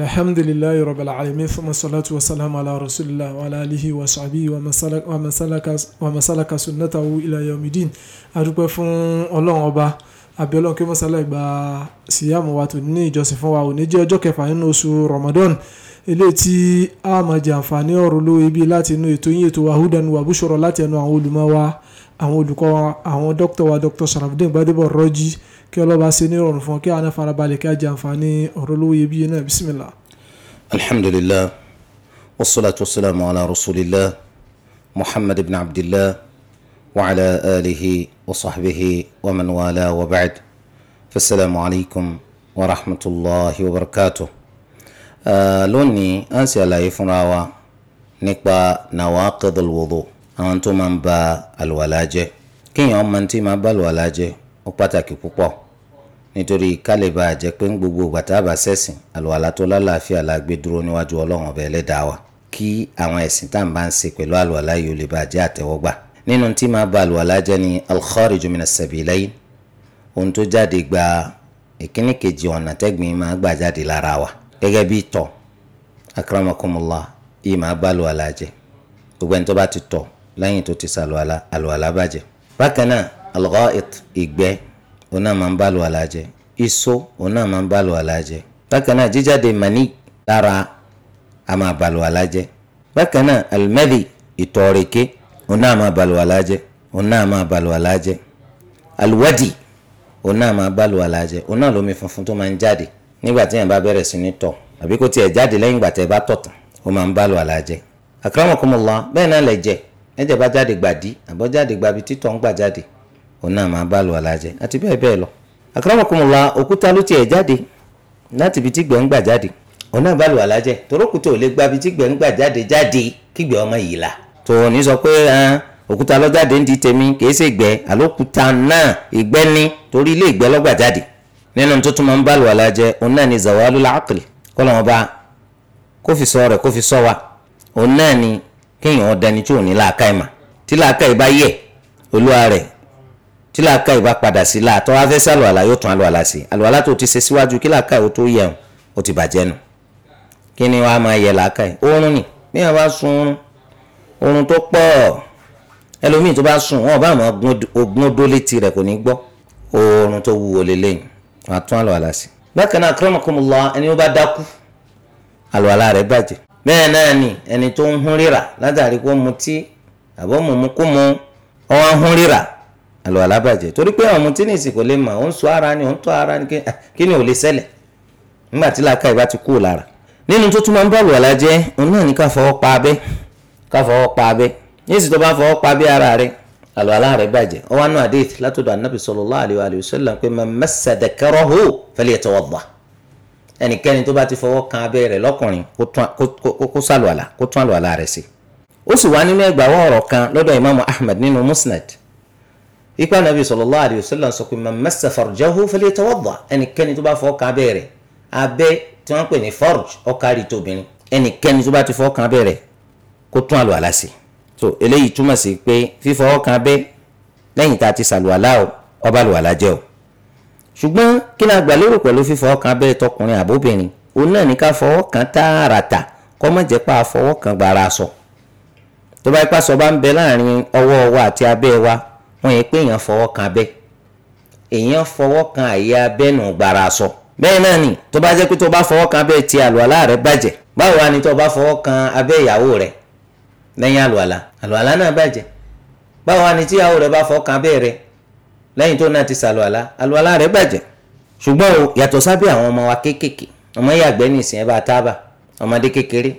الحمد لله رب العالمين salatu wa salam ala rasulillah wa ala alihi wa sahbihi wa masalaka sunnatahu ila yawmidin adúpẹ́ fún ọlọ́run ọba àbí ọlọ́run kí mọ́sálà ìgbà síyàmù wa tó ní ìjọsìn fún wa ò ní jẹ́ ọjọ́ kẹfà nínú oṣù ramadan ilé tí a máa jẹ àǹfààní ọ̀rọ̀ lóye bíi láti inú ètò yín ètò wa hudan wa bushra láti ẹnu àwọn olùmọ̀ wa àwọn olùkọ́ wa àwọn dókítà wa dr sarafudin gbadebo rọ́jí kí ọlọ́ba ṣe ní ìrọ̀rùn fún kí àwọn afárabalẹ̀ kí ajá àǹfààní ọ̀rọ̀ olówó iyebíye náà bisimilá. alhamdulilah wasalaatu wasalaamu ala rasulillah muhammad ibn abdillah wa ala alihi wa sahbihi wa man wala wa ba'd fasalaamu alaykum wa rahmatulahi wa barakatuh. Uh, lónìí à ń ṣe àlàyé fúnra wa nípa nawaqidul wudu. àwọn tó máa ń ba àlùwàlá jẹ́ kéèyàn máa ń tí máa bá àlùwàlá jẹ́ ó pàtàkì púpọ̀ nítorí kálíbà jẹ́ pé ń gbogbo bàtà bá sẹ̀sìn àlùwàlá tó lálàáfíà la gbé dúró níwájú ọlọ́run ọba ẹlẹ́dàá wa kí àwọn ẹ̀sìn tá à ń bá ń ṣe pẹ̀lú àlùwàlá yìí ó lè bá jẹ́ àtẹ́wọ́gbà nínú tí máa ba àlùwàlá jẹ́ ni al-khariju mina sabilayn ohun tó jáde gba ìkíní kejì ọ̀nà tẹ́gbìn máa gbà jáde lára wa gẹ́gẹ́ bí tọ̀ akramakumullah yìí máa ba àlùwàlá jẹ́ gbogbo ẹni tó bá ti tọ̀ lẹ́yìn tó ti sàlùwàlà àlùwàlà bàjẹ́. bákan náà algha'it ìgbẹ́ òun náà máa ń bá àlùwàlà jẹ́ iṣó òun náà máa ń bá àlùwàlà jẹ́ bákan náà jíjáde mani lára a máa bá àlùwàlà jẹ́ bákan náà alimẹ́lì ìtọ̀ọ̀rẹ̀kẹ òun náà máa bá àlùwàlà jẹ́ òun máa bá àlùwàlà jẹ́ aluwadi òun máa bá àlùwàlà jẹ́ òun náà funfun tó máa ń jáde nígbà tí yẹn bá bẹ̀rẹ̀ sí ní tọ̀ àbí tiẹ̀ jáde lẹ́yìn ìgbà tẹ́ bá tọ̀ ó máa ń bá àlùwàlà jẹ́ akramakumullah bẹ́ẹ̀ náà lẹ̀ jẹ́ ẹ̀jẹ̀ bá jáde gbàdí àbọ̀ jáde gbàbí títọ̀ ń gbà jáde òun náà máa bá àlùwàlá jẹ́ àti bẹ́ẹ̀ bẹ́ẹ̀ lọ. àkàràmọ̀kùnmọ̀lá òkúta ló tiẹ̀ jáde láti ibi tí gbẹ̀ ń gbà jáde òun náà bá àlùwàlá jẹ́ torókùtà ò lè gbàbí tí gbẹ̀ ń gbà jáde jáde kígbẹ̀ ọmọ yìí la. tòun ní sọ pé òkúta ló jáde ń di tèmi kì í ṣe gbẹ àlókúta náà ìgbẹ́ ní torí ilé ìgbẹ́ ló gbà jáde nínú tó tún máa ń bá àlùwàlá jẹ́ òun náà ni zawalul aqli kọ́ lọ́wọ́ bá kófìsọ rẹ̀ kófìsọ wa òun náà ni kéèyàn dání tí ò ní làákà ìmà tí làákà ìbá yẹ olúwa rẹ̀ tí làákà ìbá padà sí láàtọ́ afẹ́sẹ́ àlùwàlà yóò tún àlùwàlà sí àlùwàlà tó ti ṣe síwájú kí làákà ìwò tó yẹ òun ó ti bàjẹ́ nu kí ni wàá máa yẹ làákà ì oorun ni bí wọn bá sun oorun oorun tó pọ̀ ẹlòmíì tó bá sùn wọn bá àwọn ogún odó létí rẹ̀ kò ní gbọ́ oorun tó wúwo lélẹ́yìn wọn tún àlùwàlà sí. bákan náà akramakumullah ẹni ó bá dákú àlùwàlà rẹ̀ bàjẹ́ bẹ́ẹ̀ náà ni ẹni tó ń hún rírà látàrí kó mutí àbọ̀ mọ̀mú kó mu ọ̀hún hún rírà àlùwàlá bàjẹ́ torí pé àwọn mutí ní ìsìnkú lè mà ó ń sọ ara ni ó ń tọ́ ara ni kí ah, ni ò lè ṣẹlẹ̀ nígbà tí làákà ìbá ti kú lára nínú tó tún máa ń bá àlùwàlá jẹ́ òun náà ní ká fọwọ́ pa abẹ́ ká fọwọ́ pa abẹ́ ní ìsìn bá fọwọ́ pa abẹ́ ara rẹ̀ àlùwàlá rẹ̀ bàjẹ́ ó wá nú hadith látọ̀dọ̀ anábì sallallahu alaihi wa sallam pé man massa dhakarahu ẹnikẹ́ni tó bá ti fọwọ́ kan abẹ́ rẹ̀ lọ́kùnrin kó sàlùwàlà kó tún àlùwàlà rẹ̀ sí. ó sì wá nínú ẹgbàáwọ̀ ọ̀rọ̀ kan lọ́dọ̀ imaamu ahmed nínú musnad ipa nabi sallallahu alayhi wa sallam sọ pé man massa farjahu falyatawadda ẹnikẹ́ni tó bá fọwọ́ kan abẹ́ rẹ̀ abẹ́ tí wọ́n pè ní farj ọkàrí tóbìnrin ẹnikẹ́ni tó bá ti fọwọ́ kan abẹ́ rẹ̀ kó tún àlùwàlà sí. so eléyìí túmọ̀ sí pé fífọwọ́ kan abẹ́ lẹ́yìn tá a ti sàlùwàlà o ó ṣùgbọ́n kí la gbà lérò pẹ̀lú fífọ ọkàn abẹ́rẹ́ tọkùnrin àbóbìnrin òun náà ní kan tààràtà kọ́ mọ̀ jẹ́ pa kan gbàrà aṣọ tó bá ipá sọ bá ń bẹ láàrin ọwọ́ wa àti abẹ́ wa wọ́n yẹ pé èèyàn fọwọ́ kan abẹ́ èèyàn fọwọ́ kan àyè abẹ́ nù gbàrà aṣọ bẹ́ẹ̀ náà ni tó bá jẹ́ kan abẹ́ ti àlùalá rẹ bàjẹ́ báwo ni tó bá fọwọ́ kan abẹ́ ìyàwó rẹ lẹ́yìn náà bàjẹ́ báwo ni rẹ bá fọwọ́ kan abẹ́ rẹ lẹ́yìn tó náà ti sàlùwàlá àlùwàlá rẹ̀ bàjẹ́ ṣùgbọ́n o yàtọ̀ sábẹ́ àwọn ọmọ wa kéékèèké ọmọ yàgbẹ́ nìsín ẹ bá tábà ọmọdé kékeré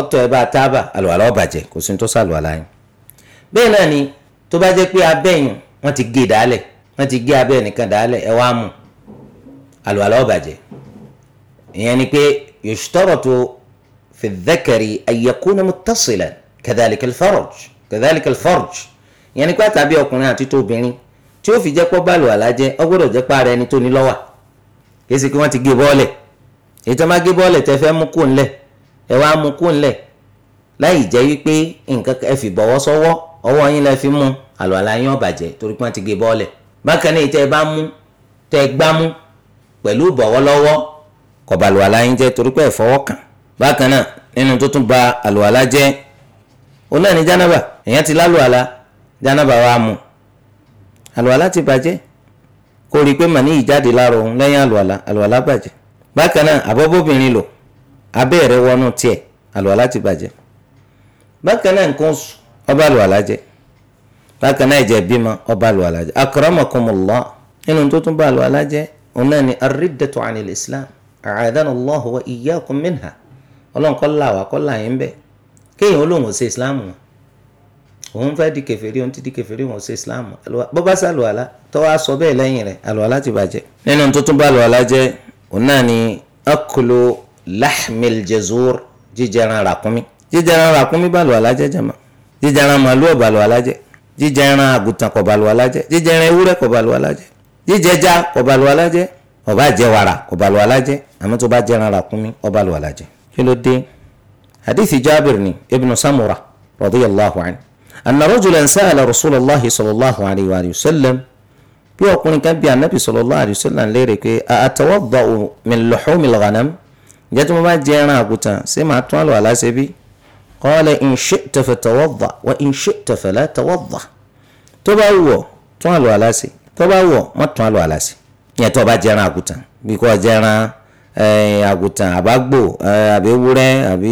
ọ̀tọ̀ ẹ bá tábà àlùwàlá ọ̀bàjẹ́ kò sí tó sàlùwàlá yẹn. bẹ́ẹ̀ náà ni tó bá jẹ́ pé abẹ́yìn wọ́n ti gé e dálẹ̀ wọ́n ti gé abẹ́ nìkan dálẹ̀ ẹ wá mú àlùwàlá ọ̀bàjẹ́ ìyẹn ni pé yushtaratu ìyẹn ni pé àtàbí ọkùnrin àti tóbìnrin tí ó fi jẹ́ pọ́ bàlùwàlá jẹ́ ọ gbọ́dọ̀ jẹ́ ẹni tó ní lọ́wà kí wọ́n ti gé bọ́ọ̀lẹ̀ èyí tó máa gé bọ́ọ̀lẹ̀ tẹ fẹ́ mú kó ńlẹ̀ ẹ wá mú kó ńlẹ̀ láì jẹ́ wípé nǹkan ẹ fi bọ̀wọ́ sọ́wọ́ ọwọ́ yín lẹ fi mú yín torí pé wọ́n ti gé bọ́ọ̀lẹ̀ bákan náà wa mú àlùwàlá ti bàjẹ́ kó rí i pé màní ìjáde lára òun lẹ́yìn àlùwàlá àlùwàlá bàjẹ́ bákan náà àbọ̀bọ̀bìnrin lò abẹ́ rẹ̀ wọnú tiẹ̀ àlùwàlá ti bàjẹ́ bákan náà nǹkan oṣù ó ba àlùwàlá jẹ́ bákan náà ẹ̀jẹ̀ bímọ ó ba àlùwàlá jẹ́ akramakumullah nínú tó tún ba àlùwàlá jẹ́ òun náà ni ar-riddatu islam a'adana Allahu wa iyyakum minha ọlọ́run kọ́ là bẹ́ẹ̀ kéèyàn ó lóun islam wọn òun fẹ́ di kèfèrí òun ti di kèfèrí wọn ṣe islam bó bá sá àlùwàlá tó wàá sọ bẹ́ẹ̀ lẹ́yìn rẹ̀ àlùwàlá ti bàjẹ́. nínú tó tún bá àlùwàlá jẹ́ òun náà ni akulu lahmil jezur jíjẹran ràkúnmí jíjẹran ràkúnmí bá àlùwàlá jẹ́ jàmá jíjẹran màálù ó ba àlùwàlá jẹ́ jíjẹran àgùntàn kò ba àlùwàlá jẹ́ jíjẹran ewúrẹ́ kò ba àlùwàlá jẹ́ jíjẹja kò ba àlùwàlá jẹ́ ó jẹ wàrà kò bá jẹran jẹ́. أن رجلا سأل رسول الله صلى الله عليه وآله وسلم bí ọkùnrin kan bí anabi sallallahu alayhi wa sallam léèrè pé àtọwọ́dọ̀ min luhumil ghanam ǹjẹ́ tí mo bá jẹ ẹran àgùntàn ṣé màá tún àlọ́ àláṣẹ bí. qala in shi'ta fatawadda wa in shi'ta fala tawadda tó bá wọ̀ tún àlọ́ àláṣẹ tó bá wọ̀ má tún àlọ́ àláṣẹ. ìyẹn tó bá jẹ ẹran àgùntàn bí kò jẹ ẹran àgùntàn àbágbò àbí ewúrẹ́ àbí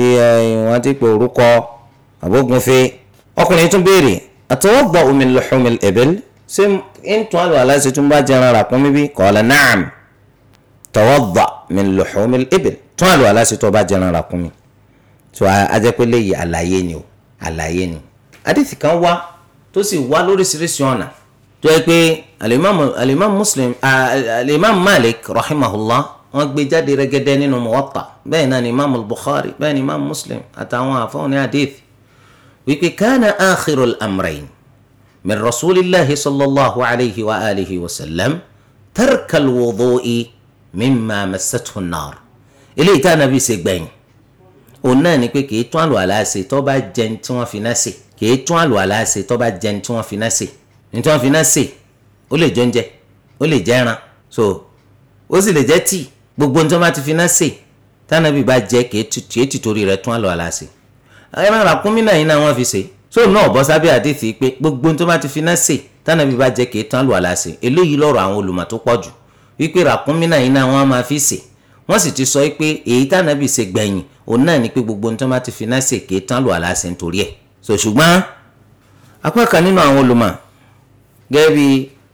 wọ́n ti pè orúkọ àbógunfe ọkùnrin tún béèrè atawadda'u min luhumil ibil ṣé ń tún àlọ́ aláṣẹ tún bá jẹ ara kún mi bí qala na'am tawadda' min luhumil ibil tún àlọ́ aláṣẹ tó bá jẹ ara kún mi tó ajẹ́pẹ́lẹ́ yìí àlàyé ni o àlàyé ni àdìsí kan wá tó sì wá lóríṣiríṣi ọ̀nà tó yẹ pé alimami muslim alimami malik rahimahullah wọ́n gbé jáde rẹ́gẹ́dẹ́ nínú muwatta bẹ́ẹ̀ náà ni imam bukhari bẹ́ẹ̀ ni imam muslim àtàwọn àfọwọ́n ní àdìsí wípé kánà akhirul amrayn min rasulillahi sallallahu alayhi wa alihi wa sallam tarkal wudu'i mimma masathu an-nar eléyìí tá a nàbí ṣe gbẹ̀yìn òun náà ni pé kìí tún àlọ́ àlàáṣe tó bá jẹun tí wọ́n fi náà ṣe kìí tún àlọ́ àlàáṣe tó jẹun tí wọ́n fi ṣe ní tí wọ́n fi ṣe ó lè jẹ ó lè jẹ ẹran so ó sì lè jẹ tíì gbogbo ní tí wọ́n bá ti fi náà ṣe tánàbí bá jẹ kìí tìtorí rẹ̀ tún àlọ́ àlàáṣe ẹ máa ra kúnmí náà yín náà wọ́n fi ṣe tó náà bọ́ sábẹ́ àdìsí pé gbogbo tó bá ti fi náà ṣe tánà bí bá jẹ́ kí tán lù àlàsè eléyìí lọ́rọ̀ àwọn olùmọ̀ tó pọ̀ jù wípé ràkúnmí náà yín náà wọ́n máa fi ṣe wọ́n sì ti sọ pé èyí tánà bí ṣe gbẹ̀yìn òun náà ni pé gbogbo tó bá ti fi náà ṣe kí tán lù àlàsè nítorí ẹ̀ so ṣùgbọ́n apá kan nínú àwọn olùmọ̀ gẹ́gẹ́ bí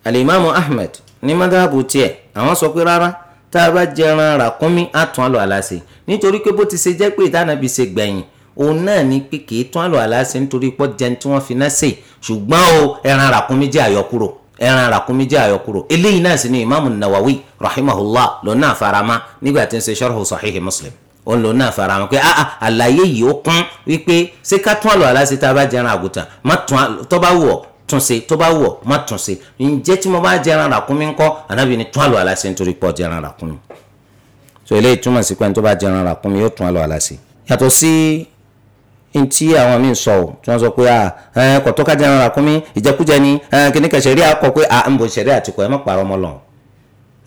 alimami Ahmed ní madhabu tiẹ̀ àwọn sọ pé rárá tá a bá jẹran ràkúnmí àtún àlọ́ àlàsè nítorí pé bó ti ṣe jẹ́ pé ìtànàbí ṣe gbẹ̀yìn òun náà ni pé kì í tún àlùwàlá ṣe nítorí pọ́ jẹun tí wọ́n fi náà sè ṣùgbọ́n o ẹran ràkúnmí jẹ́ àyọkúrò ẹran ràkúnmí jẹ́ àyọkúrò eléyìí náà sì ni imaamu nawawi rahimahullah lòun náà farama nígbà tí ń ṣe sharhu sahihi muslim òun lòun náà farama pé ah ah àlàyé yìí ó kún wípé ṣé ká tún àlùwàlá ṣe tá a bá jẹran àgùntàn má tún tó bá wù ọ́ tún ṣe tó bá má tún ṣe ǹjẹ́ tí mo bá jẹran ràkúnmí ńkọ́ ànábì ni tún àlùwàlá ṣe nítorí pọ́ jẹran ràkúnmí so eléyìí túmọ̀ sí pé ẹni tó bá jẹran ràkúnmí yóò tún àlùwàlá ṣe yàtọ̀ sí ntí àwọn míì sọ o tí wọn sọ pé ẹ kọtọ kájà ń ra kúnmí ìjẹkújẹ ni kíní kẹsẹ rí akọ pé à ń bọ sẹrí àtìkọ ẹ má pààrọ̀ ọmọ lọ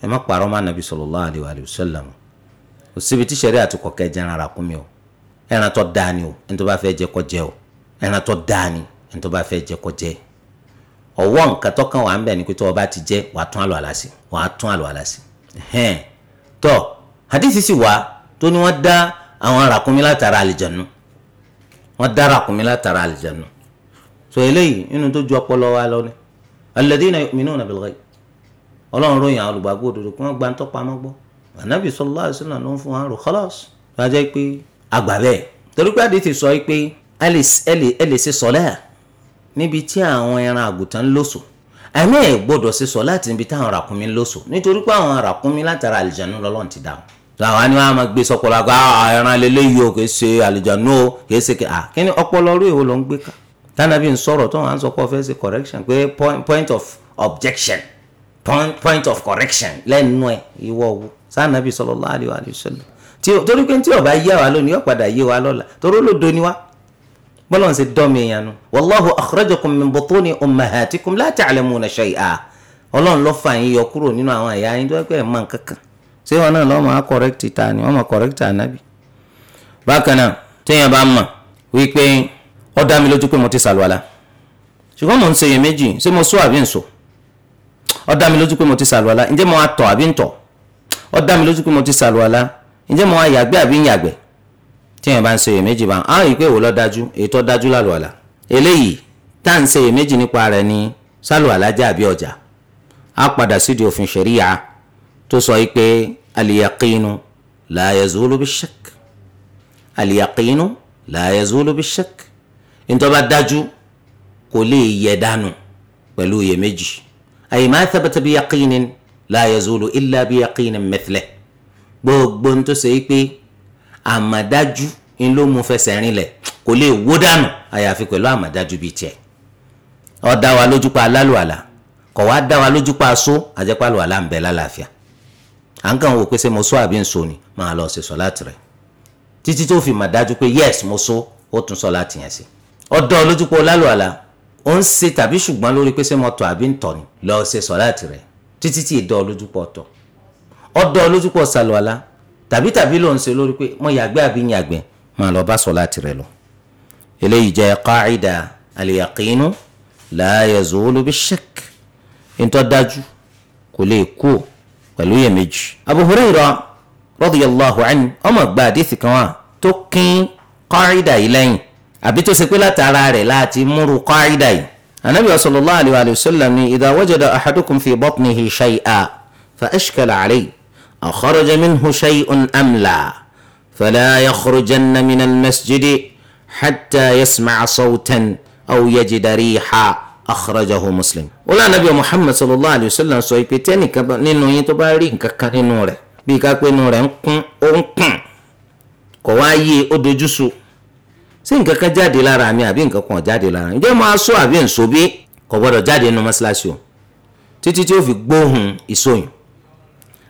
ẹ má pààrọ̀ ọmọ anabi sallallahu alaihi wasallam o síbi tí sẹrí àtìkọ kẹjẹ ń ra kúnmí o ẹran tó dáa ni o ẹni tó bá fẹ́ jẹ kó jẹ o ẹran tó dáa ni ẹni tó bá fẹ́ jẹ kó jẹ ọwọ́ nǹkan tó kàn wá ń bẹ̀ ni pé tó o bá ti wọ́n dá ràkúnmí látara àlìjánu so eléyìí inú tó ju ọpọlọ wa lọ ni alladhina yu'minuna bil ghaib ọlọ́run ròyìn àwọn olùgbàgbọ́ òdodo kí wọ́n gba ń tọ́pa mọ́ gbọ́ ànábì sallallahu alaihi wasallam ló ń fún wa rò khalas tó a jẹ́ pé àgbà bẹ́ẹ̀ torí pé àdìtì sọ pé ẹ lè ṣe sọlẹ́ níbi tí àwọn ẹran àgùntàn ń lòsò ẹ̀ gbọ́dọ̀ ṣe sọ láti níbi táwọn ràkúnmí ń nítorí pé àwọn ràkúnmí látara àlìjánu lọ́lọ́run ti dáhùn àwọn ni wọn á máa gbé sọpọlọ àgbà ah, ẹran lélẹyìí o kì í ṣe àlùjànnú o kì í ṣe kì í ah kí ni ọpọlọ orí èwo ló ń gbé ká tánàbí ń sọ̀rọ̀ tó à ń sọ pé ọ fẹ́ ṣe correction pé point of objection point, point of correction lẹ́nu ẹ̀ ìwọ wo sànàbí sallallahu alaihi wa sallam torí pé tí ó bá yé wa lónìí ó padà yé wa lọ́la torí olódo ni wa bọ́lá ń ṣe dọ́mi èèyàn nu wallahu akhrajakum min butuni ummahatikum la ta'lamuna shay'a ọlọ́run ló fà yín yọ kúrò nínú àwọn ẹ̀yà yín tó wá pé ẹ̀ mọ̀ nǹkan kan ṣé wọn náà lọ́mọ akọ̀rẹ́kìtì ta ni wọ́n mọ̀ kọ̀rẹ́kìtì ànábì. bákan náà téèyàn bá mọ̀ wípé ó dá mi lójú pé mo ti sàlùwàlà ṣùgbọ́n mò ń ṣe iyèméjì ṣé mo sọ àbí ń sọ ó dá ti sàlùwàlà ǹjẹ́ mo àbí ń tọ̀ dá mi lójú pé mo ti sàlùwàlà ǹjẹ́ mo àbí ń yàgbẹ́ téèyàn bá ń ṣe iyèméjì bá a pé èwo dájú èyí tó dájú lálùwàlà á padà اليقين لا يزول بالشك اليقين لا يزول بالشك n tó bá يدانو kò lè yẹ̀ أي ما ثبت بيقين لا يزول إلا بيقين مثله gbogbo n tó ṣe é pé àmàdájú ń ló mú fẹsẹ̀ rinlẹ̀ kò lè wó dànù àyàfi pẹ̀lú àmàdájú bíi tiẹ̀ ó dá wa lójú pa alálùwàlà kò wá dá wa lójú pa aṣọ àjẹpàlùwàlà ń bẹ lálàáfíà à ń kàn wò pé ṣé mo sọ àbí ń sọ ni máa lọ ṣe sọ̀láàtì rẹ̀ títí tó fi mà dájú pé yes mo sọ ó tún sọ̀láàtì yẹn sí. ọ̀dọ́ olójúpọ̀ lálùwàlà ó ń ṣe tàbí ṣùgbọ́n lórí pé ṣé mo tọ̀ àbí ń tọ̀ ni lọ ṣe sọ̀láàtì rẹ̀ títí tí ìdọ́ olójúpọ̀ tọ̀ ọ̀dọ́ olójúpọ̀ sàlùwàlà tàbí tàbí ló ń ṣe lórí pé mo yàgbẹ́ àbí yàgbẹ́ máa lọ bá sọ̀láàtì rẹ̀ lọ. eléyìí jẹ́ káàídà al-yaqinu la yazulu pẹ̀lú iyèméjì. Abu Hurairah radiyallahu anhu ọmọ gba àdìsí kan wà tó kín kọ́rídà yìí lẹ́yìn àbí tó ṣe pé látara rẹ̀ láti múru kọ́rídà yìí. anabi sallallahu alayhi wa sallam ni idha wajada ahadukum fi batnihi shay'an fa ashkala alayhi akhraja minhu shay'un am la fala yakhrujanna min al-masjidi hatta yasma'a sawtan aw yajida riha. akhrajahu muslim. wọ́n lé anabi muhammad sallallahu alayhi wa sallam sọ ìpè tẹ́nìkan nínú yín tó bá rí nǹkan kan nínú rẹ̀ bí ká pé inú rẹ̀ ń kún ó ń kún kò wá yé ó dojú su sí nǹkan kan jáde lára mi àbí nǹkan kan jáde lára mi ǹjẹ́ mo aṣọ àbí nsọ bí kò gbọ́dọ̀ jáde nínú mọ́ṣáláṣí o títí tí ó fi gbóhùn ìsóyún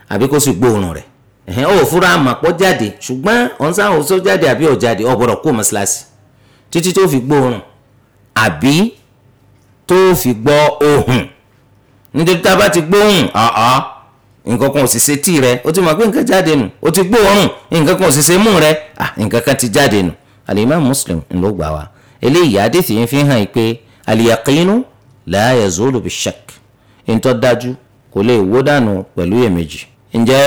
àbí kó sì gbóhùn rẹ̀ ẹ̀hẹ́n ó fúra àmàpọ̀ jáde ṣùgbọ́n ọ̀nsá òṣó jáde àbí ọ̀jáde ó kó mọ́ṣáláṣí títí tí ó fi gbóhùn àbí tó fi gbọ́ ohùn nítorí tá a bá ti gbóhùn nǹkan kan ò sì ṣe tí rẹ o ti mọ̀ pé nǹkan jáde nù o ti gbóòórùn nǹkan kan ò sì ṣe mú rẹ nǹkan kan ti jáde nù alimami muslim ló gbà wá eléyìí àdéhìí yẹn fi hàn yìí pé aliyakinu la yazulu bishak ntọ́ dájú kò lè wó dànù pẹ̀lú iyèméjì ǹjẹ́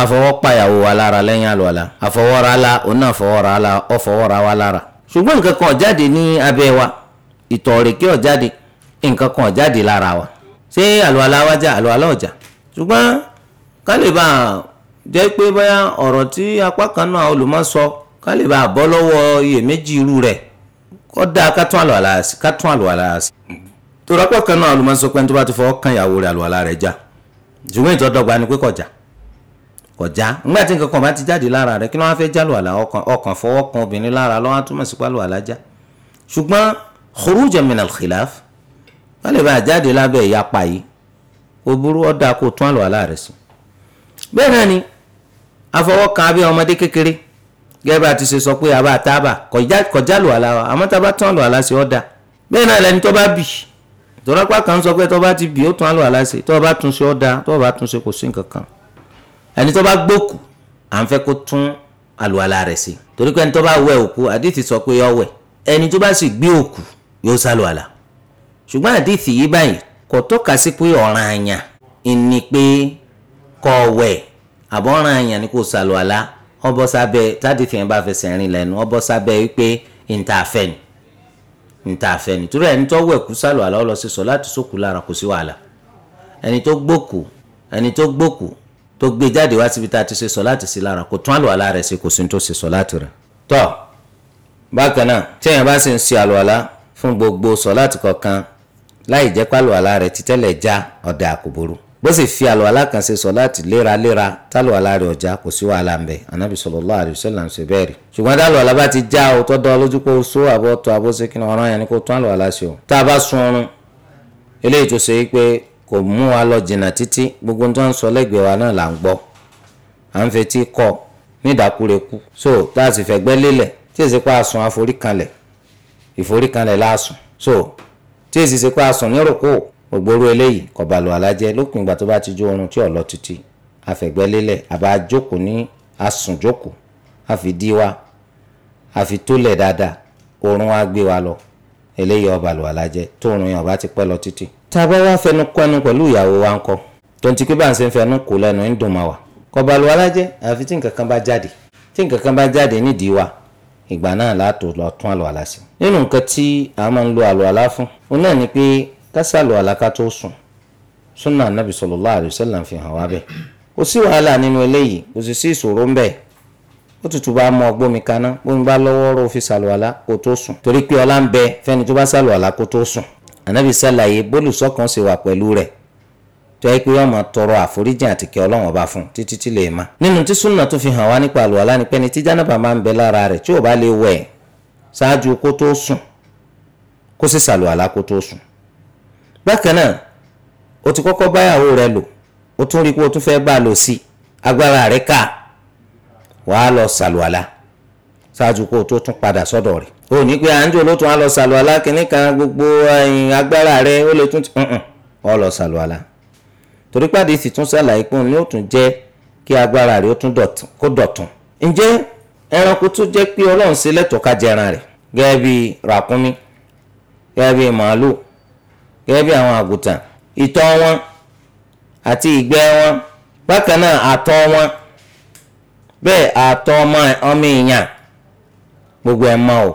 afọwọ́pàyàwó wa lára lẹ́yìn àlùwàlà àfọwọ́ra la òun náà fọwọ́ra la ọ̀fọwọ́ra wa lára ṣùgbọ́n nǹkan kan ò ní abẹ́ wa ìtọ̀ òrèké nǹkan kan jáde lára wa ṣé àlùwàlá wa já àlùwàlá ọ̀jà ṣùgbọ́n ká lè bá jẹ́ pé bóyá ọ̀rọ̀ tí apá kan náà olùmọ̀ sọ ká lè bá bọ́ lọ́wọ́ iyèméjì irú rẹ̀ kó dáa ká tún àlùwàlá sí ká tún àlùwàlá sí. torí apá kan náà olùmọ̀ sọ pé ní tó bá ti fọwọ́ kan ìyàwó rẹ̀ àlùwàlá rẹ̀ já ṣùgbọ́n ìtọ́dọ̀gba ni pé kọjá kọjá ńgbà tí nǹkan kan bá ti jáde lára rẹ̀ kí ló wá fẹ́ já àlùwàlá ọkàn fọwọ́ kan obìnrin lára lọ́wọ́ á túmọ̀ sí pé já ṣùgbọ́n khurujan min al wọ́n lè bá àjáde lábẹ́ ìyapa yìí ó burú ó kó tún àlùwàlá rẹ̀ sí. bẹ́ẹ̀ náà ni afọwọ́kan abẹ́ ọmọdé kékeré gẹ́gẹ́ bá a ti ṣe sọ pé àbá àtàbà kọjá àlùwàlá wa àmọ́ tá a bá tún àlùwàlá sí ó dáa bẹ́ẹ̀ náà lẹni tó bá bì tọ́lápá kan sọ pé tó bá ti bì ó tún àlùwàlá sí tó bá tún ṣe ó dáa tó bá tún ṣe kò sí nǹkan kan ẹni tó bá gbókù à ń fẹ́ kó tún àlùwàlá rẹ̀ sí torí pé ẹni tó bá wẹ òkú àdìtì sọ pé ó ẹni tó bá sì gbé òkú yóò sálùwàlá ṣùgbọ́n àdìsí yìí báyìí kò tọ́ka sí pé ọ̀ràn àyàn ìní pé kọ̀ wẹ̀ àbọ̀ràn àyàn ni kò sàlùwàlá ọbọ̀ sábẹ́ tádìsí yẹn bá fẹsẹ̀ rìn lẹ́nu ọbọ̀ sábẹ́ wípé ìntàfẹ́ ni ìntàfẹ́ ni torí ẹni tó wẹ̀ kú sàlùwàlá ó lọ sí sọ láti sókù lára kò sí wàhálà ẹni tó gbókù ẹni tó gbókù tó gbé jáde wá síbi tá a ti ṣe láti sí lára kò tún àlùwàlá rẹ̀ ṣe kò sí tó ṣe láti rẹ̀ tọ́ bákan náà tí èèyàn bá sì ń ṣe àlùwàlá fún gbogbo sọ láti kọ̀ọ̀kan láì jẹ́ pé àlùwàlá rẹ̀ ti tẹ́lẹ̀ já ọ̀dà àkùbúrú bó sì fi àlùwàlá kan ṣe sọ láti léraléra tálùwàlá rẹ̀ ọ̀já kò sí wàhálà ńbẹ anábì sallallahu alaihi wasallam ṣe bẹ́ẹ̀ rí. ṣùgbọ́n tálùwàlá bá ti já o tọ́ dán lójú pé o só àbọ̀ tó àbọ̀ ṣe kí ni ọ̀ràn yẹn ni kò tún àlùwàlá ṣe o. tá a bá sun oorun eléyìí tó ṣe pé kò mú wa lọ jìnnà títí gbogbo tó ń sọ lẹ́gbẹ̀ẹ́ wa náà là ń gbọ́ à ń fetí kọ nídàkúrekú so tá a sì fẹ̀gbẹ́ lélẹ̀ tí èsì pa so tí èsì ṣe pé a sùn ní rúkú ògbóró eléyìí kò bá lu alájẹ lópin ìgbà tó bá ti jó oorun tí ò lọ títí àfẹ̀gbẹ́lélẹ̀ àbá jókòó ní asùnjókòó àfìdí wa àfi tólẹ̀ dáadáa oorun wa gbé wa lọ eléyìí ọba lu alájẹ tó oorun yẹn ọba ti pẹ́ lọ títí. tá a bá wá fẹnu kọ́nu pẹ̀lú ìyàwó wa ń kọ́ tó ń ti pé bá ń ṣe fẹnu kò lẹ́nu ń dùn mọ́ wa kò alájẹ àfi tí nǹkan kan bá jáde tí nǹkan kan bá jáde nídìí wa ìgbà náà látò lọ tún àlọ́ àlá sí. nínú nǹkan tí a máa ń lo àlọ́ àlá fún òun náà ni pé kásá àlọ́ àlá ká tó sùn súnà anábì sallallahu alaihi wasallam fi hàn wá bẹ́ẹ̀. kò sí wàhálà nínú eléyìí kò sì sí ìṣòro ń bẹ ó tutù bá mọ ọgbómi kaná bómi bá lọ́wọ́ rò fi sàlù àlá kó tó sùn torí pé ọlá ń bẹ fẹ́ni tó bá sàlù àlá kó tó sùn. anábì sàlàyé bólùsọ́kan ṣe wà pẹ̀lú rẹ̀ tó yẹ pé yóò máa tọrọ àforíjìn àti kẹ́ ọlọ́run ọba fún títí tí lè má. nínú tí súnà tó fi hàn wá nípa àlùwàlá ni pé tí jánábà máa ń bẹ lára rẹ̀ tí ò bá lè wẹ̀ ṣáájú kó tó sùn kó sì ṣàlùwàlá kó tó sùn. bákan náà o ti kọ́kọ́ báyàwó rẹ lò o tún rí i pé o tún fẹ́ bá a lò sí agbára rẹ ká wàá lọ ṣàlùwàlá ṣáájú kó o tó tún padà sọ́dọ̀ rẹ̀ o ní pé àńjọ ló tún á lọ ṣàlùwàlá kìnnìkan gbogbo agbára rẹ ó lè tún ọ lọ ṣàlùwàlá torí pé àdìsí tún ṣàlàyé pé òun ni ó tún jẹ́ kí agbára rẹ̀ ó tún kó dọ̀tún. ǹjẹ́ ẹranko tó jẹ́ pé ọlọ́run ṣe lẹ́tọ̀ọ́ ká jẹran rẹ̀ gẹ́gẹ́ bí ràkúnmí gẹ́gẹ́ gẹ́gẹ́ àwọn àgùntàn wọn àti ìgbẹ́ wọn bákan náà àtọ̀ wọn bẹ́ẹ̀ ọmọ gbogbo ẹ̀ mọ́ ò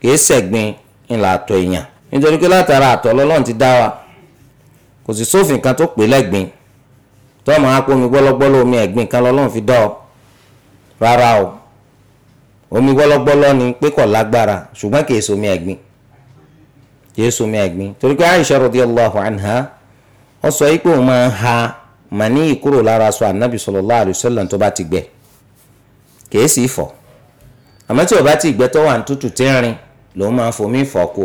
kìí ṣẹ̀gbin ńlá àtọ̀ èèyàn nítorí pé látara àtọ̀ ti dá kò sì sófin kan tó pè lẹ́gbìn tó ọmọ akpọ̀ omi gbọ́lọ́gbọ́lọ́ omi ẹ̀gbìn kan lọ́lọ́run fi dọ́ ọ rárá o omi gbọ́lọ́gbọ́lọ́ ni pé kò lágbára ṣùgbọ́n kì í ṣomi ẹ̀gbìn kì í ṣomi ẹ̀gbìn torí pé Aisha radiyallahu anha ó sọ yìí pé òun máa ń ha màní ìkúrò lára sọ ànábì sallallahu alaihi wasallam tó bá ti gbẹ kì í sì fọ̀ àmọ́ tí o bá ti gbẹ tó wà ní tútù tínrín lòun máa ń fomi fọ̀ kù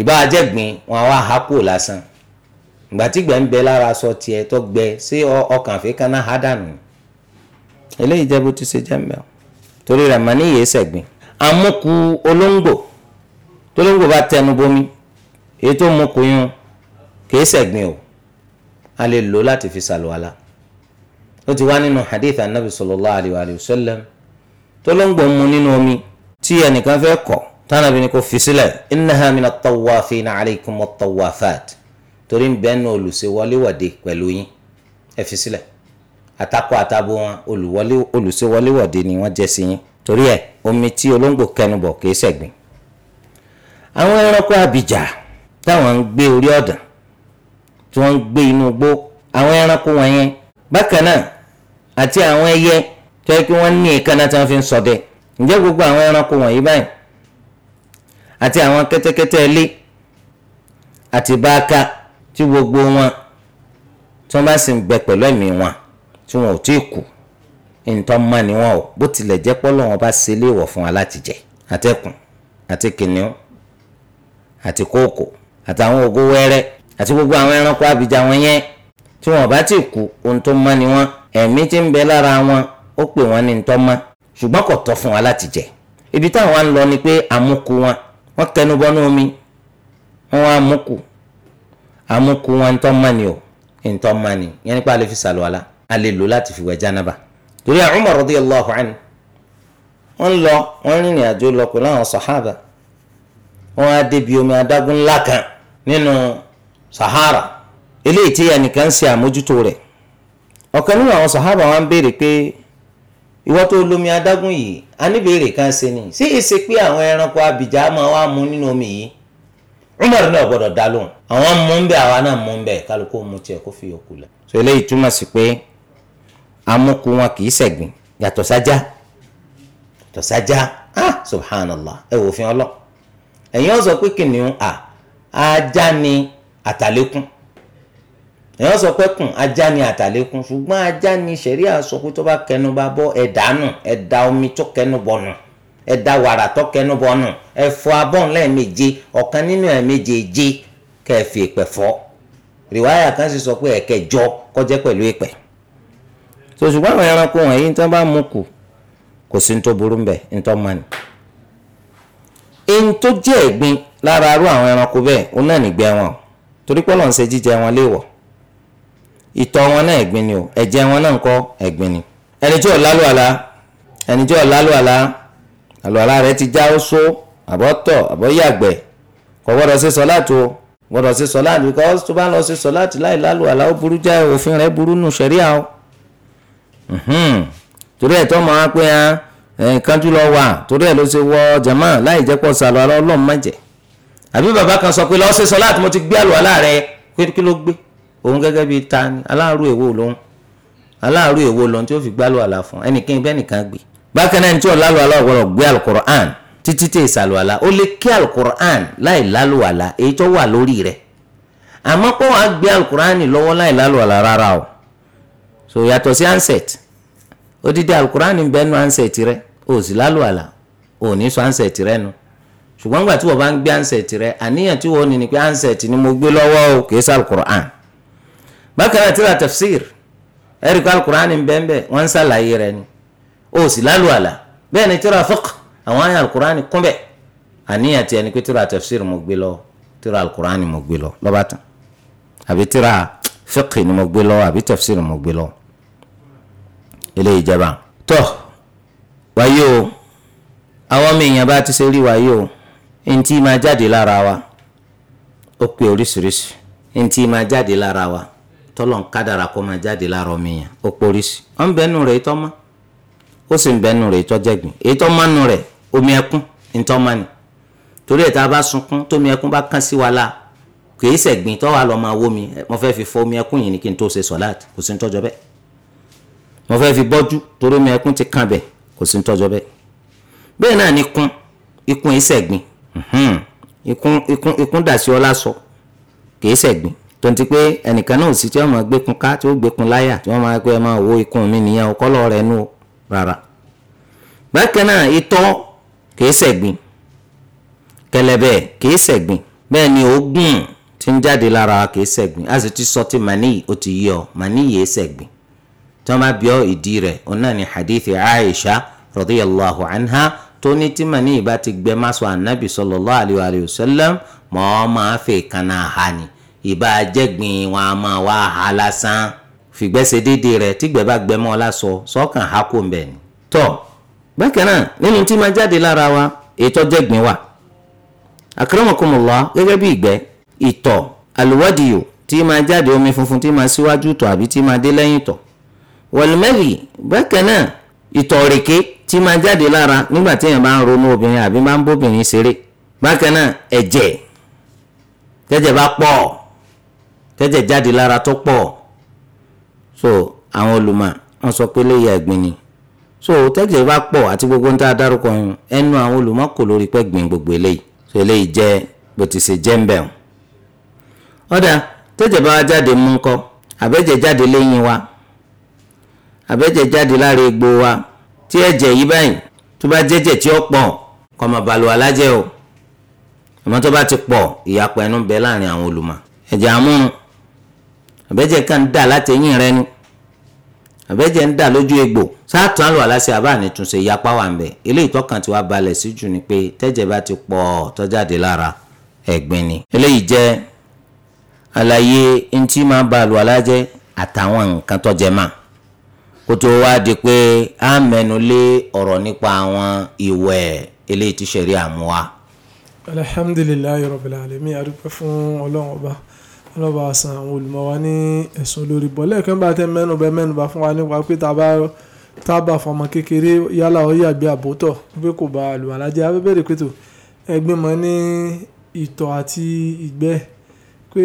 ìbá ajẹ́gbìn wọn á wá ha kù lásán gbàtígbà ń bẹ lára aṣọ tiẹ̀ tó gbẹ sí ọkàn àfikàn náà há dànù eléyìí jẹ́ bó ti ṣe jẹ́ mẹ́ọ̀ torí rẹ̀ màá ní ìyè sẹ̀gbìn amúkú olóńgbò tólóńgbò bá tẹnu bomi èyí tó mú kuyún kìí sẹ̀gbìn o a lè lò láti fi ṣàlùwàlà ó ti wá nínú hadith anabi sallallahu alayhi wa sallam tólóńgbò mu nínú omi tí ẹnìkan fẹ́ kọ̀ tánàbí ni kò fi sílẹ̀ innaha mina tawafina alaykum wa tawafat. torí ń bẹ́nu olùṣèwọléwọ̀de pẹ̀lú yín ẹ fi sílẹ̀ àtakọ àtabo wọn olùṣèwọléwọ̀de ni wọ́n jẹ́ sí yín torí ẹ omi tí olóńgbò kẹnubọ̀ kìí ṣẹ̀gbìn. àwọn ẹranko àbìjà táwọn ń gbé orí ọ̀dàn tí wọ́n ń gbé inú igbó àwọn ẹranko wọ̀nyẹn bákan náà àti àwọn ẹyẹ tó yẹ kí wọ́n ní èékánná tí wọ́n fi ń ṣọdẹ ǹjẹ́ gbogbo àwọn ẹranko wọ̀nyí báyìí àti àwọn kẹ́tẹ́kẹ́tẹ́ ilé àti báàkà tí gbogbo wọn tí wọ́n bá sì ń gbẹ pẹ̀lú ẹ̀mí wọn tí wọn ò tí ì kú nǹkan mọ́ ni wọn ò bó tilẹ̀ jẹ́ pé Ọlọ́run bá ṣe léèwọ̀ fún wa láti jẹ àtẹkùn àti kìnìún àti kóòkò àtàwọn ògo wẹ́rẹ́ àti gbogbo àwọn ẹranko abìjà wọn yẹn tí wọn bá ti kú ohun tó mọ́ ni wọn ẹ̀mí tí ń bẹ lára wọn ó pè wọn ní nǹkan mọ́ ṣùgbọ́n kò tọ́ fún wa láti jẹ ibi táwọn ń lọ ni pé àmúkù wọn wọn kẹnu omi wọn wá àmúkù amúkú wọn ń o ń tọ́ mọ́ni yẹn fi a lè lò láti fi wẹ̀ jánaba torí àwọn Umar radiyallahu anhu wọ́n lọ wọ́n rìnrìn àjò lọ pẹ̀lú àwọn sàhábà wọ́n á débi omi adágún ńlá kan nínú sahara eléyìí tí ẹnìkan ṣe àmójútó rẹ̀ ọ̀kan nínú àwọn sahara wọn béèrè pé ìwọ tó lomi adágún yìí a níbèrè kan ṣe ni ṣé èsè pé àwọn ẹranko abìjà máa wá mu nínú omi yìí Umar náà gbọ́dọ̀ dá lóhùn àwọn mú ń bẹ àwa náà mú bẹ kálukú mú tiẹ̀ kó fi eléyìí túmọ̀ sí pé amúkú wọn kì í sẹ̀gbìn. yàtọ̀ sájà yàtọ̀ sájà ah subhanallah ẹ wò fún ọlọ ẹ̀yin ó pé kìnìún ni àtàlékún ẹ̀yin ó pé kùn ajá ni àtàlékún ṣùgbọ́n ajá ni ṣẹ̀ríà sọ pé tó bá kẹnu omi tó kẹnu ẹ da wàrà ẹfọ bọnu ẹ fọ abọ́n lẹ́ẹ̀méje ọ̀kan nínú je kẹ́ ẹ fi sọ pé ẹ̀kẹjọ kọjẹ́ pẹ̀lú ìpẹ̀ so àwọn ẹranko wọ̀nyí tí wọ́n bá mú kù kò sí tó burú bẹ̀ ní tó mọ̀ ni. èyí tó jẹ́ ẹ̀gbin lára arú àwọn ẹranko bẹ́ẹ̀ òun náà nígbẹ́ wọn torí pé ṣe wọn léèwọ̀ wọn náà ẹ̀gbin ni o ẹ̀jẹ̀ àlùwàlá rẹ ti já ó só àbọ̀tọ̀ àbọ̀yàgbẹ́ kò gbọ́dọ̀ ṣe sọ́láàtì o gbọ́dọ̀ ṣe sọ́láàtì because tó bá lọ ṣe sọ́láàtì láì lálùwàlá ó burú jáì òfin rẹ burú nù ṣẹ̀ríà o torí ẹ̀ tó mọ̀ wá pé kánjú lọ wà torí ẹ̀ ló ṣe wọ jàmá láì jẹ́ pọ̀ sàlùwàlá ọlọ́run má jẹ́ àbí bàbá kan sọ pé lọ́ọ́ ṣe sọ́láàtì mo ti gbé àlùwàlá rẹ kí ló gbé òun gẹ́gẹ́ bíi ta ni aláàrú èwo lòun aláàrú èwo lòun tí ó fi gbálùwàlá fún ẹnìkan ibẹ̀ nìkan gbé bákan náà ní tí wọn lálùwàlá ọ̀gbọ́dọ̀ gbé alukur'an títí tẹ̀ ìsàlùwàlá ó lè kí alukur'an láì lálùwàlá èyí tó wà lórí rẹ̀ àmọ́ pé wọ́n á gbé alukur'an lọ́wọ́ láì lálùwàlá rárá o so yàtọ̀ sí handset odidi alukur'an ń bẹ́ẹ̀ nu handset rẹ̀ o sì lálùwàlá o ní sọ handset rẹ̀ nu ṣùgbọ́n nígbà tí wọ́n bá ń gbé handset rẹ̀ àníyàn tí wọ́n ní ni pé handset ni mo gbé lọ́wọ́ o kì í sàlùkur'an bákan náà tíra tafsir ẹ̀ríkọ́ alukur'an ń bẹ́ẹ̀ bẹ́ẹ̀ wọ́n ń sàlàyé rẹ̀ ni o sì lálù àlà bẹ́ẹ̀ ni tíra fiqh àwọn àyà alukur'ani kún bẹ́ẹ̀ àníyàn tiẹ̀ ni pé tíra tafsir mo gbé lọ tíra alukur'ani mo gbé lọ lọ́ba tán àbí tíra fiqh ni mo gbé lọ àbí tafsir mo gbé lọ ilé ìjọba tọ́ wáyé o àwọn ọmọ èèyàn bá ti ṣe rí wáyé o ntí máa jáde lára wa ó pé oríṣiríṣi ntí máa jáde lára wa tọ́lọ̀ ń kádàrà kó máa jáde lára ọmọ èèyàn ó pé oríṣi ọ̀nbẹ́nu rẹ̀ tọ́ mọ́ ó sì ń bẹnu rẹ̀ ìtọ́ jẹ̀gbìn èyí tó mánu rẹ̀ omi ẹkún ìtọ́ mánì torí ẹ̀ tá a bá sunkún tómi ẹkún bá kán sí wa la kìí sẹ̀gbìn tó wà lọ́ máa wómi mo fẹ́ fi fọ omi ẹkún yìí ni kí n tó ṣe sọ̀láàt kò sí ń tọ́jọ́ bẹ́ẹ̀ mo fẹ́ fi bọ́jú torí omi ẹkún ti kàn bẹ̀ kò sí ń tọ́jọ́ bẹ́ẹ̀ bẹ́ẹ̀ náà ni kún ikún yìí sẹ̀gbìn ikún ikún ikún dà sí ọ lásọ kìí sẹ̀gbìn tonti pé ẹnìkan náà ò tí wọn máa gbé kun ká tí ó gbé kun láyà tí wọn máa pé ẹ máa wo ikùn mi nìyẹn ọkọlọ rẹ nù o rárá bákan náà itọ́ kìí ṣẹ̀gbin kẹ̀lẹ̀bẹ̀ kìí ṣẹ̀gbin bẹ́ẹ̀ ni oògùn tí ń jáde lára wa kìí ṣẹ̀gbin a sì ti sọ ti màníyì ó ti yí ọ màníyì yìí ṣẹ̀gbin tí wọ́n bá bí ọ ìdí rẹ̀ òun náà ni hadith Aisha radiyallahu anha tó ní tí màníyì bá ti gbẹ máṣọ ànábì sallallahu alayhi wa sallam mọ́ ọ́ máa fè kànáà hà ìbá jẹ́gbin wọn a máa wá hà lásán fìgbẹ́ ṣe déédéé rẹ̀ tígbẹ́ bá gbẹmọ́ ọ lásọ sọ́kàn hákò ń bẹ̀ ni. tọ́ bákan náà nínú tí máa jáde lára wa ètò jẹ́gbìn wà akramakumullah gẹ́gẹ́ bí ìgbẹ́ ìtọ̀ àlùwádìí tí máa jáde omi funfun tí máa síwájú tọ̀ àbí tí máa dé lẹ́yìn tọ̀ wọ̀lùmẹ́rì bákan náà ìtọ̀ òrèké tí máa jáde lára nígbà tí èèyàn bá ń ronú obìnrin àbí máa ń bóbìnrin ṣeré bákan náà ẹ̀jẹ̀ tẹ́jẹ̀ bá pọ̀ tẹ́jẹ̀ jáde lára tó pọ̀ so àwọn olùmọ̀ wọ́n sọ pé lè yà ẹ̀gbìn ni so tẹ́jẹ̀ bá pọ̀ àti gbogbo ń tá a dárúkọ yẹn ẹnu àwọn olùmọ̀ kò lórí pẹ́ gbìn gbogbo eléyìí so eléyìí jẹ́ bó ti ṣe jẹ́ ń bẹ̀ wọ́n. ọ̀dà tẹ́jẹ̀ bá jáde mú ńkọ́ àbẹ́jẹ̀ jáde lẹ́yìn wa àbẹ́jẹ̀ jáde lára egbò wa tí ẹ̀jẹ̀ yìí báyìí tó bá jẹ́jẹ̀ tí ó pọ̀ kọ́ máa balùwà alájẹ́ o àmọ́ tó bá ti pọ̀ ìyapa ẹnu bẹ láàrin àwọn olùmọ̀ ẹ̀jẹ̀ àmúnu àbẹ́jẹ̀ kan dà látẹ̀yìn rẹ ni àbẹ́jẹ́ ń dà lójú egbò sáàtún àlọ́ aláṣẹ àbáàní túnṣe ìyapa wà ń bẹ̀ eléyìí tọ́kàn tí wàá balẹ̀ sí jù ni pé tẹ́jẹ̀ bá ti pọ̀ tọ́jáde lára ẹ̀gbin ni. eléyìí jẹ́ àlàyé ntí máa ba àlọ́ alájẹ́ àtàwọn nǹkan tọ́jẹ́ mà kó tó wá di pé a mẹ́nu lé ọ̀rọ̀ nípa àwọn ìwẹ̀ eléyìí tí ṣẹ̀rí àmúwa. alhamdulilayi rabbil alamin adúpẹ́ fún ọlọ́run ọba ọlọ́ba san àwọn olùmọ̀ wa ní ẹ̀sùn lórí bọ́ lẹ́ẹ̀kan bá tẹ mẹ́nu bẹ mẹ́nu bá fún wa nípa pé tábà tábà fọmọ kékeré yálà ó yàgbé àbótọ̀ pé kò bá àlùmọ̀lá jẹ́ abẹ́bẹ̀rẹ̀ pé tó ẹgbẹ́ mọ́ ní ìtọ̀ àti ìgbẹ́ pé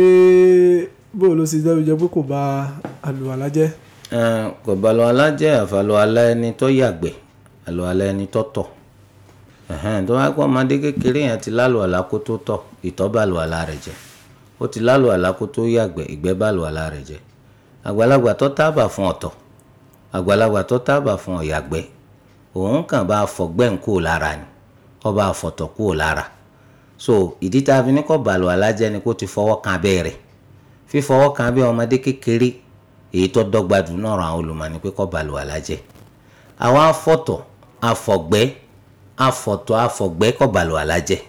bóò ló ti dẹ́bi jẹ́ pé kò bá àlùmọ̀lá kò bá àlùmọ̀lá jẹ́ àfàlùmọ̀lá ẹni tó yàgbẹ́ àlùmọ̀lá ẹni tó tọ̀ tó wá pọ̀ ọmọdé kékeré yẹn ti lálùmọ̀lá kó tó tọ̀ ìtọ̀ bá àlùmọ̀lá rẹ̀ jẹ́ ó ti lálù àlá kó tó yàgbẹ́ ìgbẹ́ bá lù àlá rẹ̀ jẹ́ àgbàlagbà tó tábà fún ọ̀tọ̀ àgbàlagbà tó tábà fún ọ̀yàgbẹ́ òun kàn bá fọ̀gbẹ́n kúò lára ni ó bá fọ̀tọ̀ kúò lára so ìdí tá a fi ní kọ́ bàlù àlá jẹ́ ni kó ti fọwọ́ kan abẹ́ rẹ̀ fífọwọ́ kan abẹ́ ọmọdé kékeré èyí tó dọ́gba jù náà ràn àwọn olùmọ̀ọ́ni pé kọ́ bàlù àlá jẹ́ àwọn afọ̀tọ̀ afọ̀gbẹ́ afọ̀tọ̀ afọ̀gbẹ́ kọ́ bàlù àlá jẹ́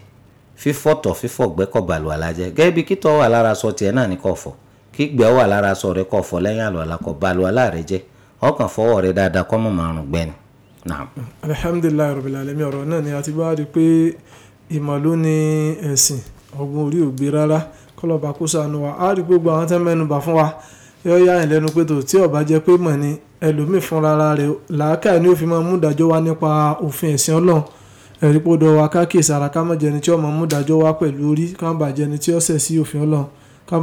fífọ̀tọ̀ fífọ̀gbẹ́ kó ba àlùwàlá jẹ́ gẹ́gẹ́ bí kítọ́ wà lára aṣọ tiẹ̀ náà ní kó fọ̀ kígbẹ́ wà lára aṣọ rẹ kó fọ̀ lẹ́yìn àlùwàlá kó ba àlùwàlá rẹ jẹ́ ọkàn fọwọ́ rẹ dáadáa kó mọ̀ márùn gbẹ́ni. alhamdulilayi rabbil alamin ọ̀rọ̀ náà ni a ti bá a di pé ìmọ̀ ló ní ẹ̀sìn ọgbọ́n orí ògbé rárá kọlọ́ba kó sànù wa a rí gbogbo àwọn tẹ́ mẹ́nubà fún wa yọ ya ẹ̀ lẹ́nu pé tó tí ọba jẹ́ pé mọ̀ ni ẹlòmíì fúnra rẹ̀ làákàá ni ó fi máa mú ìdájọ́ wa nípa òfin ẹ̀sìn ọlọ́run ẹ̀rí pé ó dọ̀wọ́ akákèsí ara ká má jẹ́ ẹni tí ọmọ mú dájọ́ wá pẹ̀lú orí ká má bàa jẹ́ ẹni tí ó ṣẹ̀ sí òfin ọlọ́run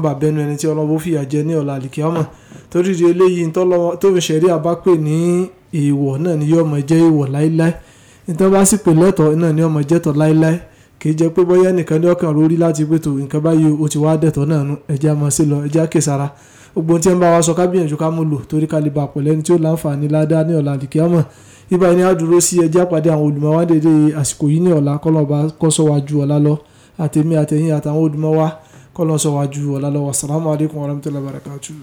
ká bẹnu ẹni tí ọlọ́run bó fìyà jẹ ní ọ̀la àlìkí ọmọ torí di eléyìí tó fi ṣẹ̀rí àbá ní ìwọ̀ náà ni yóò mọ̀ jẹ́ ìwọ̀ láíláí nítorí bá sì pè lẹ́tọ̀ náà ni ọmọ jẹ́tọ̀ láíláí kì í jẹ́ pé bóyá nìkan ní ọkàn lórí láti pé tó nǹkan báyìí o ti wá dẹ̀tọ̀ náà nu ẹ̀jẹ̀ àmọ́ sí lọ ẹ̀jẹ̀ àkèsára gbogbo tí ń bá wa sọ ká ká mú lò torí ká lè tí ó láǹfààní ládàá ní ọ̀la ibà ni a dúró sí ẹjẹ́ àpàdé àwọn olùmọ̀ wa dédé àsìkò yìí ní ọ̀la kọ́lọ́ba kọ́sọ́ wa ju ọ̀la lọ àtẹ̀mí àtẹ̀yìn àtàwọn olùmọ̀ wa kọ́lọ́sọ̀ wa ju ọ̀la lọ wàsàlámù alaykum wa rahmatulahi wa barakatuh.